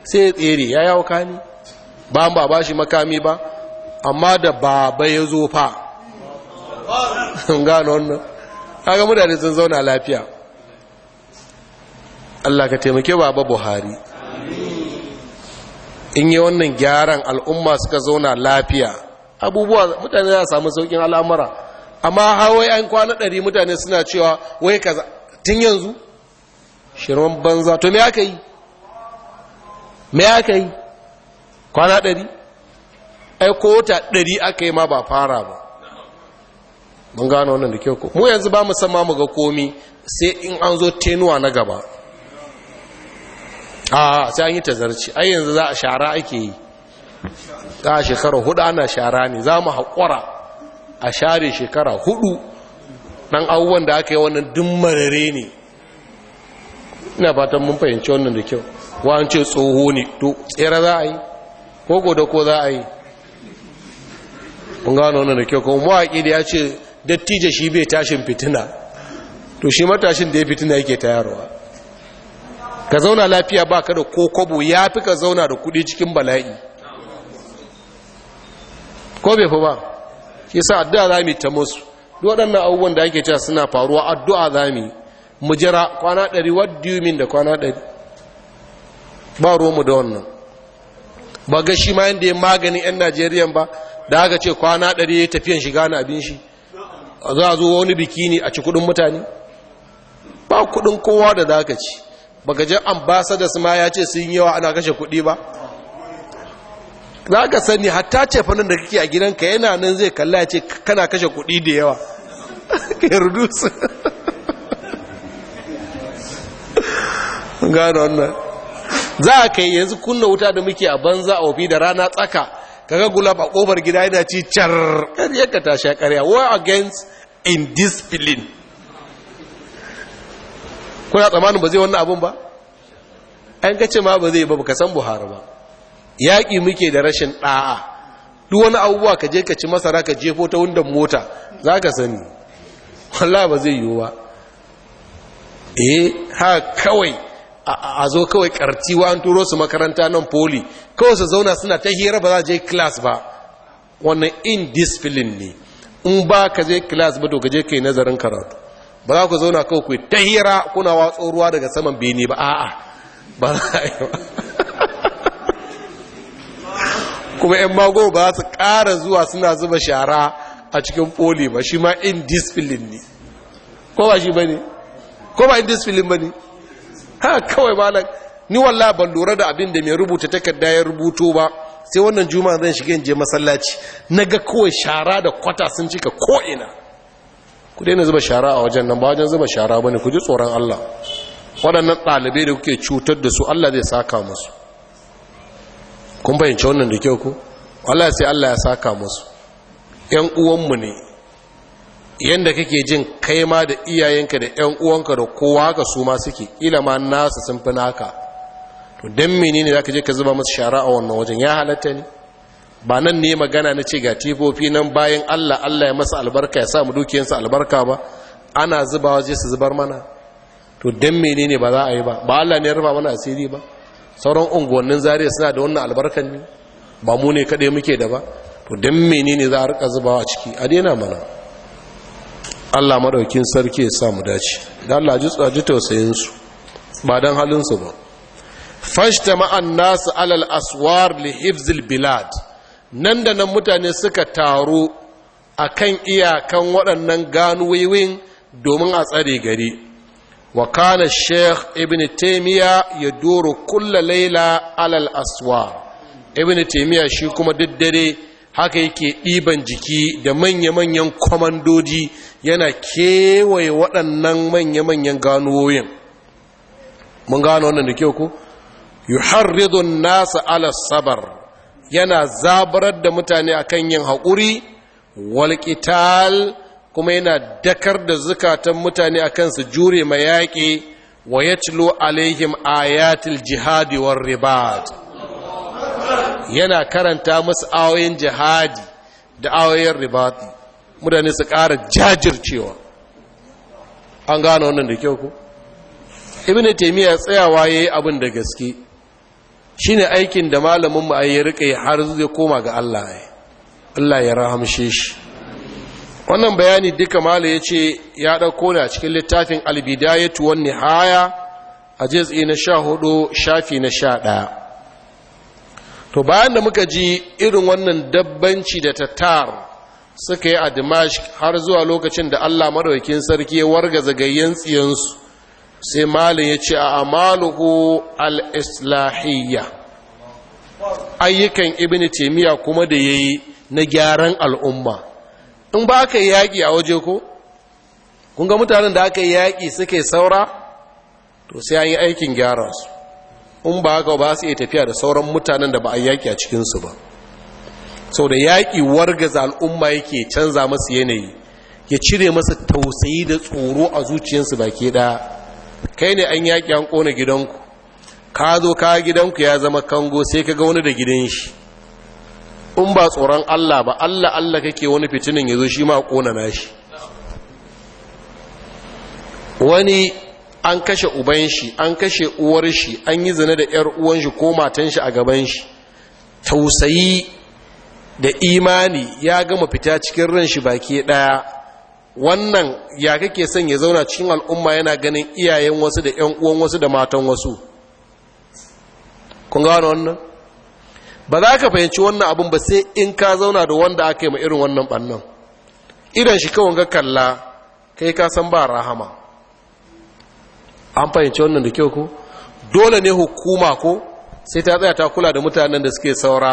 sai ya tsere ya yawo kani ba ba ba shi makami ba amma da baba ya zo fa mun gano wannan kaga mutane sun zauna lafiya Allah ka taimake baba Buhari in yi wannan gyaran al'umma suka zauna lafiya abubuwa mutane za samu saukin al'amura amma hawai an kwana ɗari mutane suna cewa wai kaza tun yanzu shirman banza to me aka yi me aka yi kwana ɗari ai ko wata ɗari aka yi ma ba fara ba mun gano wannan da kyau ko mu yanzu ba mu sama mu ga komi sai in an zo tenuwa na gaba a sai an yi tazarci ai yanzu za a shara ake yi za a shekara hudu ana shara ne za mu haƙura a share shekara hudu ɗan abubuwan da aka yi wannan dummarare ne ina fatan mun fahimci wannan da kyau wa ce tsoho ne to tsere za a yi ko goda ko za a yi kun gano wannan da kyau kuma mawaƙi da ya ce dattijo shi bai tashin fitina to shi matashin da ya fitina yake tayarwa ka zauna lafiya ba ka da kokobo ya fi ka zauna da kudi cikin bala'i ko bai fi ba shi sa addu'a za ta musu duk waɗannan abubuwan da ake cewa suna faruwa addu'a za mu yi jira kwana ɗari what do you da kwana ɗari ba ruwanmu da wannan ba ga shi ma yadda ya maganin 'yan Najeriya ba da aka ce kwana ɗari ya tafiyan shiga na abin shi za a zo wani biki ne a ci kudin mutane ba kudin kowa da za ka ci baka je ambassadors ma ya ce sun yi yawa ana kashe kuɗi ba za ka sani hatta ce fannin da kake a gidanka yana nan zai kalla ya ce kana kashe kuɗi da yawa Ka su. rudusu gano wannan za a kai yanzu kunna wuta da muke a banza a wafi da rana tsaka kaga gula a ƙofar gida yana ci car ƙaryar ka ta sha ƙarya war against indiscipline kuna tsamanin ba zai wannan abun ba an kace ma ba zai ba baka san buhari ba yaƙi muke da rashin ɗa'a duk wani abubuwa ka je ka ci masara ka jefo ta wundan mota za ka sani wala ba zai yiwu ba eh ha kawai a zo kawai karti wa an turo su makaranta nan poli kawai su zauna suna ta hira ba za je class ba wannan indiscipline ne in ba ka je class ba to ka je kai nazarin karatu ba za ku zauna kawai ku ta hira kuna watsa ruwa daga saman bene ba a'a ba za a yi ba kuma 'yan mago ba za su ƙara zuwa suna zuba shara a cikin poli ba shi ma indisfilin ne ko ba shi ba ne ko ba indisfilin ba ne ha kawai malam ni walla ban lura da abin da mai rubuta takarda ya rubuto ba sai wannan juma'a zan shiga in je masallaci na ga kawai shara da kwata sun cika ko'ina ku daina zuba shara a wajen nan ba wajen zuba shara ne ku ji tsoron Allah waɗannan ɗalibai da kuke cutar da su Allah zai saka musu kun fahimci wannan da kyau ku Allah sai Allah ya saka musu ƴan uwanmu ne yanda kake jin kai ma da iyayenka da ƴan uwanka da kowa ka su ma suke ila ma nasu sun fi naka to dan menene zaka je ka zuba musu shara a wannan wajen ya halatta ne ba nan ne magana na ce ga tifofi nan bayan Allah Allah ya masa albarka ya samu dukiyarsa albarka ba ana zubawa je su zubar mana to dan menene ba za a yi ba ba Allah ne ya rufa mana asiri ba sauran unguwannin zariya suna da wannan albarkan ne ba mu ne kadai muke da ba to dan menene za a rika zubawa ciki a daina mana Allah madaukin sarki ya samu dace dan Allah ji tsaji tausayin su ba dan halin su ba fashtama an-nas alal aswar li hifzil bilad nan da nan mutane suka taru a kan iyakan waɗannan wiwin domin a tsare gari wa kana sheikh ibn taimiyya ya doro kulla laila alal aswa ibn taimiyya shi kuma daddare haka yake ɗiban jiki da manya-manyan kwamandoji yana kewaye waɗannan manya-manyan ganuwoyin mun gano wannan da kyau ku yuharridun nasa alas sabar yana zabarar da mutane akan yin haƙuri walƙital kuma yana dakar da zukatan mutane akan su jure ma yaƙi wa ya yatlu alaihim ayatul jihadi war ribad yana karanta musu ayoyin jihadi da ayoyin ribati mutane su ƙara jajircewa an gane wannan da kyau ku ibn taymiya tsayawa yayi abin da gaske shi ne aikin da malamin mu ya riƙe har zai koma ga Allah ya Allah ya rahamshe shi wannan bayani duka malam ya ce ya ɗauko da a cikin littafin albida ya tuwon ni haya a jiz'i na sha hudu shafi na sha ɗaya to bayan da muka ji irin wannan dabbanci da tar suka yi a dimashi har zuwa lokacin da allah maraukin sarki ya warga zagayyen tsiyansu sai malin ya ce a maluhu al’islahiyya islahiyya ayyukan ibn temiya kuma da ya yi na gyaran al'umma in ba aka yi yaƙi a waje ko kun mutanen da aka yi yaƙi suke saura to sai an yi aikin gyara su in ba aka ba su iya tafiya da sauran mutanen da ba a yaƙi a cikinsu ba sau da yaƙi wargaza al'umma yake canza masu yanayi ya cire masa tausayi da tsoro a zuciyarsu baki ɗaya kai ne an yaƙi an ƙona gidanku ka zo ka gidanku ya zama kango sai ka ga wani da gidan shi in ba tsoron Allah ba Allah Allah kake wani fitinin ya zo shi ma ƙona na shi. wani an kashe uban shi an kashe uwar shi an yi zina da ‘yar uwan shi ko matan shi a gaban shi tausayi da imani ya gama fita cikin ran shi baki ɗaya wannan ya kake son ya zauna cikin al'umma yana ganin iyayen wasu da ‘yan uwan wasu da matan wasu kun gano wannan ba za ka fahimci wannan abin ba sai in ka zauna da wanda aka yi ma irin wannan ɓannan idan shi kawai ga kalla kai ka san ba rahama an fahimci wannan da kyau ko dole ne hukuma ko sai ta tsaya ta kula da mutanen da suke saura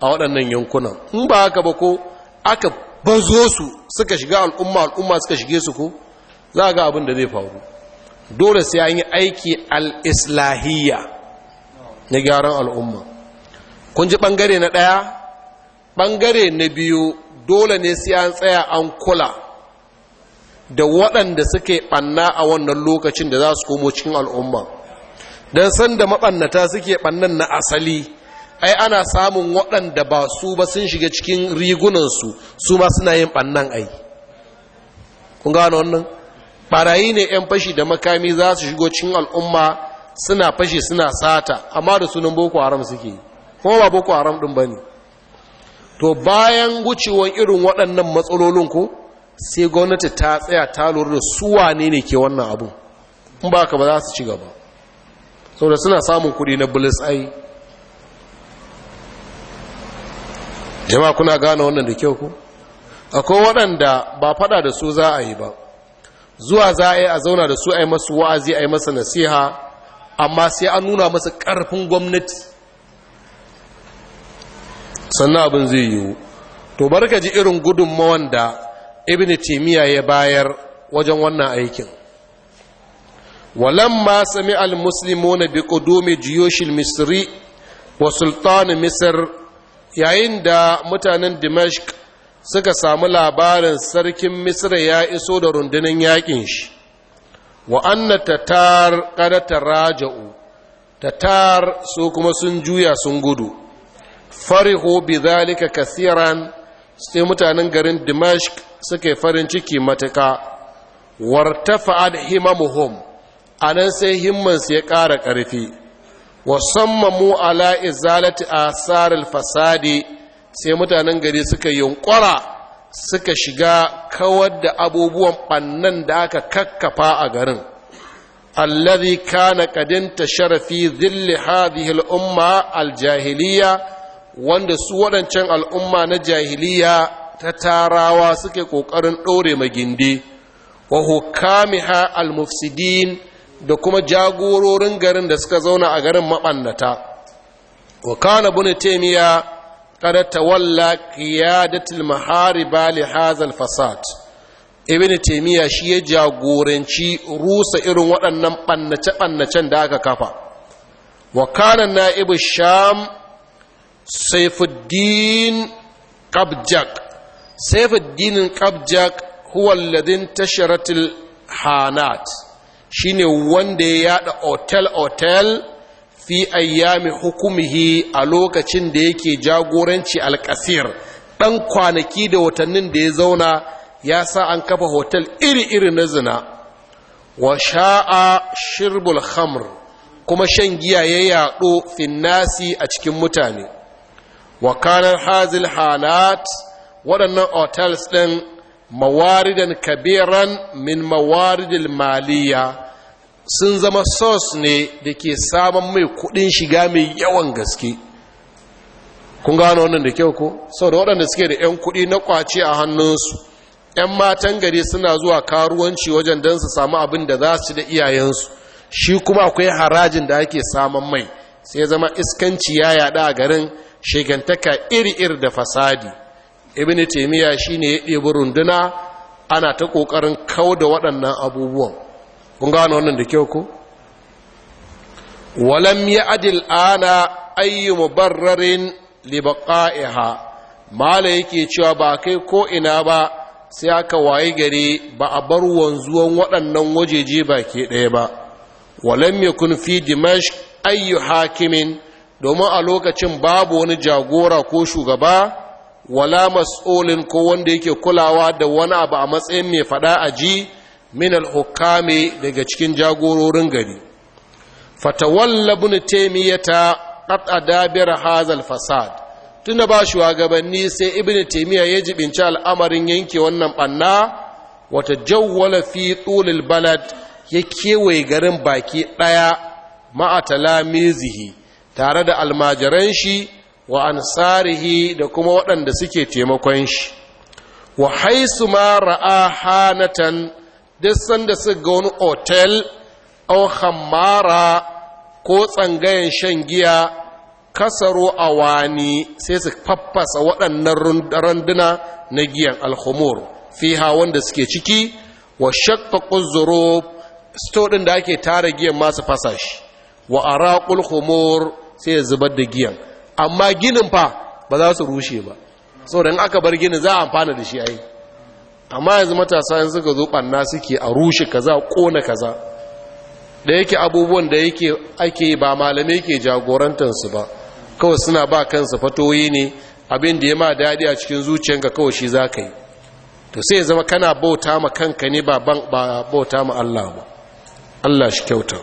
a waɗannan yankunan in ba haka ba ko aka zo su suka shiga al'umma al'umma suka shige su ko za ga abin da zai faru dole sai an yi aiki al'islahiyya na gyaran al'umma kun ji ɓangare na ɗaya ɓangare na biyu dole ne sai an tsaya an kula da waɗanda suke ɓanna a wannan lokacin da za su komo cikin al'umma don sanda maɓannata suke ɓannan na asali ai ana samun waɗanda ba su ba sun shiga cikin rigunansu su ma suna yin ɓannan ai kun gano wannan ɓarayi ne 'yan fashi da makami za su shigo cikin al'umma suna fashi suna sata amma da sunan boko haram suke kuma ba boko haram ɗin ba ne to bayan wucewan irin waɗannan matsalolin ko sai gwamnati ta tsaya ta lura da suwa ne ne ke wannan abu. in ba ka ba za su ci gaba saboda suna samun kuɗi na bilis ai jama'a kuna gane wannan da kyau ku akwai waɗanda ba fada da su za a yi ba zuwa za a yi a zauna da su a yi masu wa'azi a yi masa nasiha amma sai an nuna masa ƙarfin gwamnati sannan abin zai yiwu to barka ji irin gudunmawan da ibn timiya ya bayar wajen wannan aikin walamma sami al-muslimuna bi qudumi jiyush misri wa sultan misr yayin da mutanen dimashq suka samu labarin sarkin misra ya iso da rundunin yakin shi wa anna tatar kada raja'u, tatar su kuma sun juya sun gudu farihu bi zalika kathiran sai mutanen garin dimashq suka farin ciki matuka wartafa'ad himamuhum anan sai himmansu ya ƙara ƙarfi wasammamu ala izalati asaril fasadi sai mutanen gari suka yunkura suka shiga kawar da abubuwan bannan da aka kakkafa a garin alladhi kana ta sharafi zilli hadhihi al-umma al-jahiliya wanda su wadancan al'umma na jahiliya ta tarawa suke ƙoƙarin ɗore magindi wa hukamiha al-mufsidin da kuma jagororin garin da suka zauna a garin maɓannata wa kana bune taimiya kada tawalla qiyadatul mahariba li hazal fasad ibn taimiya shi ya jagoranci rusa irin waɗannan ɓannace ɓannacen da aka kafa wa kana na'ibu sham saifuddin qabjak saifuddin qabjak huwa alladhi intasharat hanat Shi ne wanda ya yada otel-otel fi ayyami hukumihi a lokacin da yake jagoranci alkasir ɗan kwanaki da watannin da ya zauna ya sa an kafa hotel iri-iri na zina wa sha'a shirbul khamr kuma shan giya ya yaɗo finnasi a cikin mutane wa kanar hazil halat waɗannan otels ɗin mawaridan kabiran min موارد maliya sun zama sos ne da ke samun mai kudin shiga mai yawan gaske kun gano wannan da kyau ko sau da waɗanda suke da 'yan kudi na kwace a hannunsu 'yan matan gari suna zuwa karuwanci wajen don su samu abin da za su da iyayensu shi kuma akwai harajin da ake samun mai sai zama iskanci ya yada a garin shigantaka iri-iri da fasadi ibn taimiyya shine ya ɗebi runduna ana ta ƙoƙarin kau da waɗannan abubuwan kun gano wannan da kyau ko walam ya adil ana ayyu mubarrarin li mala yake cewa ba kai ko'ina ba sai aka waye gari ba a bar wanzuwan waɗannan wajeje ke ɗaya ba walam kun fi dimash ayyu hakimin domin a lokacin babu wani jagora ko shugaba wala mas'ulin ko wanda yake kulawa da wani abu a matsayin mai fada a ji min al daga cikin jagororin gari fatawalla ibn taymiyata ta adabir hadha al-fasad tunda ba shi gabanni sai ibn taymiya ya jibinci al'amarin yanke wannan banna wata jawwala fi balad ya kewaye garin baki ɗaya ma'a talamizihi tare da almajiran shi wa ansarihi da kuma waɗanda suke taimakon shi wa haisu ma ra'a hanatan duk sanda su ga wani otel au hammara ko tsangayen shan giya kasaro a wani sai su faffasa waɗannan randuna na giyan alhumur fiha wanda suke ciki wa shakka ƙuzuro sto ɗin da ake tara giyan masu fasa shi wa ara humur sai ya zubar da giyan amma ginin fa ba za su rushe ba saboda in aka bar gini za a amfana da shi ai amma yanzu matasa yanzu suka zo ɓanna suke a rushe kaza kona kaza da yake abubuwan da yake ake ba malamai ke jagorantarsu ba kawai suna ba kansu fatoyi ne abin da ya ma daɗi a cikin zuciyanka kawai shi za ka yi to sai zama kana bauta ma kanka ne ba bauta ma Allah ba Allah shi kyauta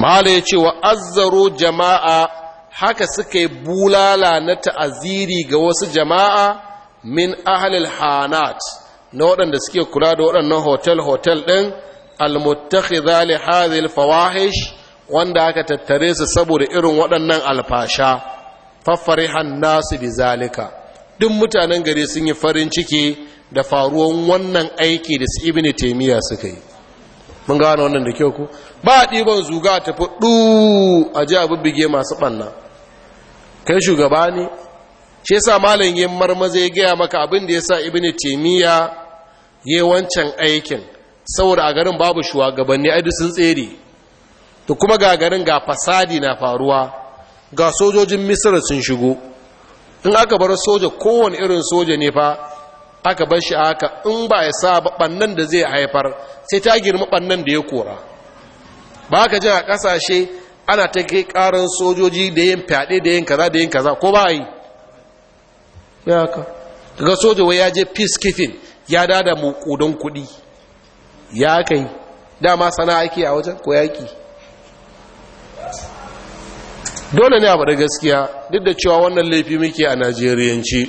mala ya ce wa azzaro jama'a haka suka yi bulala na ta'aziri ga wasu jama'a min ahlil hanat na waɗanda suke kula da waɗannan hotel-hotel ɗin almuttaki zali hazil fawahish wanda aka tattare su saboda irin waɗannan alfasha faffarihan su bi zalika duk mutanen gari sun yi farin ciki da faruwan wannan aiki da su ibn taimiyya suka yi mun gano wannan da kyau ku ba a ɗiban zuga tafi ɗu a ji a masu ɓanna kai shugaba ne shi yasa malam yin marmaza ya gaya maka abin da yasa ibnu taymiya ya wancan aikin saboda a garin babu shugabanni ai sun tsere Da kuma ga garin ga fasadi na faruwa ga sojojin Misira sun shigo in aka bar soja kowane irin soja ne fa aka bar shi haka in ba ya sa bannan da zai haifar sai ta girma bannan da ya kora ba ka ji a kasashe ana ta kai karin sojoji da yin fyaɗe da yin kaza da yin kaza ko ba yi ya ka daga soja wai ya je peacekeeping ya dada mu mukudan kuɗi ya kai dama sana aiki a wajen ko yaƙi dole ne a da gaskiya duk da cewa wannan laifi muke a najeriyanci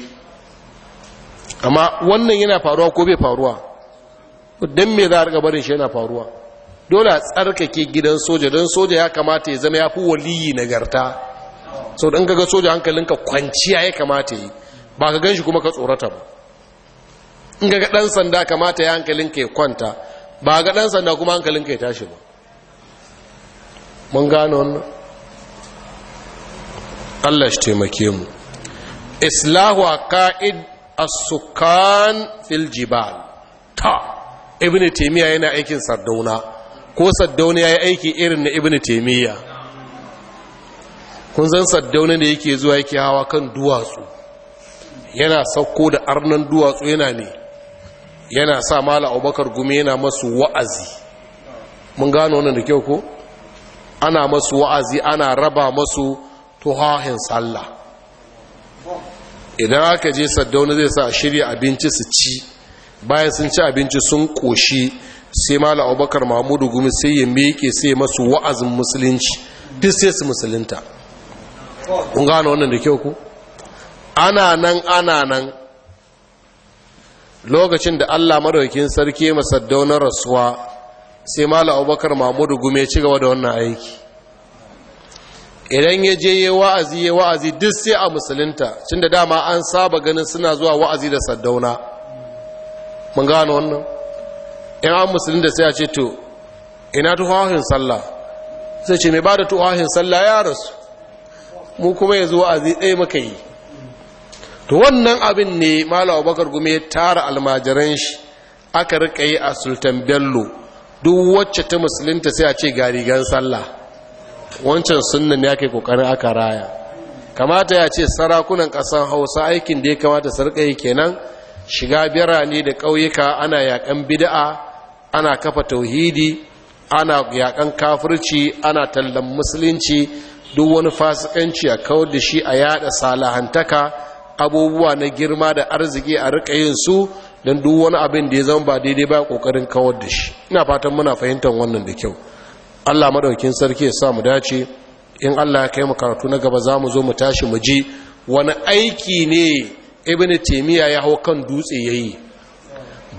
amma wannan yana faruwa ko bai faruwa don me za a riga barin shi yana faruwa dole a tsarkake gidan soja don soja ya kamata ya zama ya fi waliyi nagarta sau ɗan ga soja hankalinka kwanciya ya kamata yi ba ka ganshi kuma ka tsorata ba in ga ɗan sanda kamata ya hankalinka ya kwanta ba ga ɗan sanda kuma hankalinka ya tashi ba mun gano wannan Allah shi taimake mu islahu ka'id a sukan fil jibal ta ne taimiyya yana aikin sardauna ko Saddauni ya yi aiki irin na ibini taimiyya kun zan Saddauni da yake zuwa yake hawa kan duwatsu yana sauko da arnan duwatsu yana ne yana sa mala abubakar gumi yana masu wa'azi mun gano wannan da kyau ko ana masu wa'azi ana raba masu tuhahin sallah idan aka je Saddauni zai sa shirya abinci su ci bayan sun ci abinci sun koshi sai mala abubakar mahmudu gumi sai ya meke sai masu wa'azin musulunci duk sai su musulunta kun gano wannan da kyau ku ana nan ana nan lokacin da allah maɗaukin sarki masaddau na rasuwa sai mala abubakar mahmudu gumi ya ci gaba da wannan aiki idan ya je ya wa'azi ya wa'azi duk sai a musulunta tun da dama an saba ganin suna zuwa wa'azi da saddauna mun gano wannan in an musulun da sai a ce to ina tuhahin sallah sai ce mai ba da tuhahin sallah ya rasu mu kuma ya a zai ɗaya maka yi to wannan abin ne malawa bakar gume ya tara almajiran shi aka rika yi a sultan bello duk wacce ta musulunta sai a ce garigan sallah wancan sunan ya kai kokarin aka raya kamata ya ce sarakunan ƙasan hausa aikin da ya kamata su yi kenan shiga birane da ƙauyuka ana yaƙan bida'a ana kafa tauhidi ana yakan kafirci ana tallan musulunci duk wani fasikanci a kawar da shi a yada salahantaka abubuwa na girma da arziki a rika yin su don duk wani abin da ya zama ba daidai ba kokarin kawar da shi ina fatan muna fahimtar wannan da kyau Allah maɗaukin sarki ya sa mu dace in Allah ya kai mu karatu na gaba za mu zo mu tashi mu ji wani aiki ne ibn taymiya ya hau kan dutse ya yi?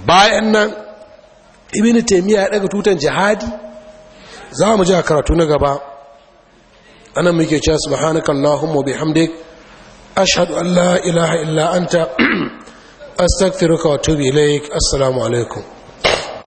bayan nan ibn taymiya ya daga tutan jihadi za mu ji a karatu na gaba anan muke cewa subhanaka allahumma bihamdik ashhadu an la ilaha illa anta astaghfiruka wa atubu ilaik assalamu alaikum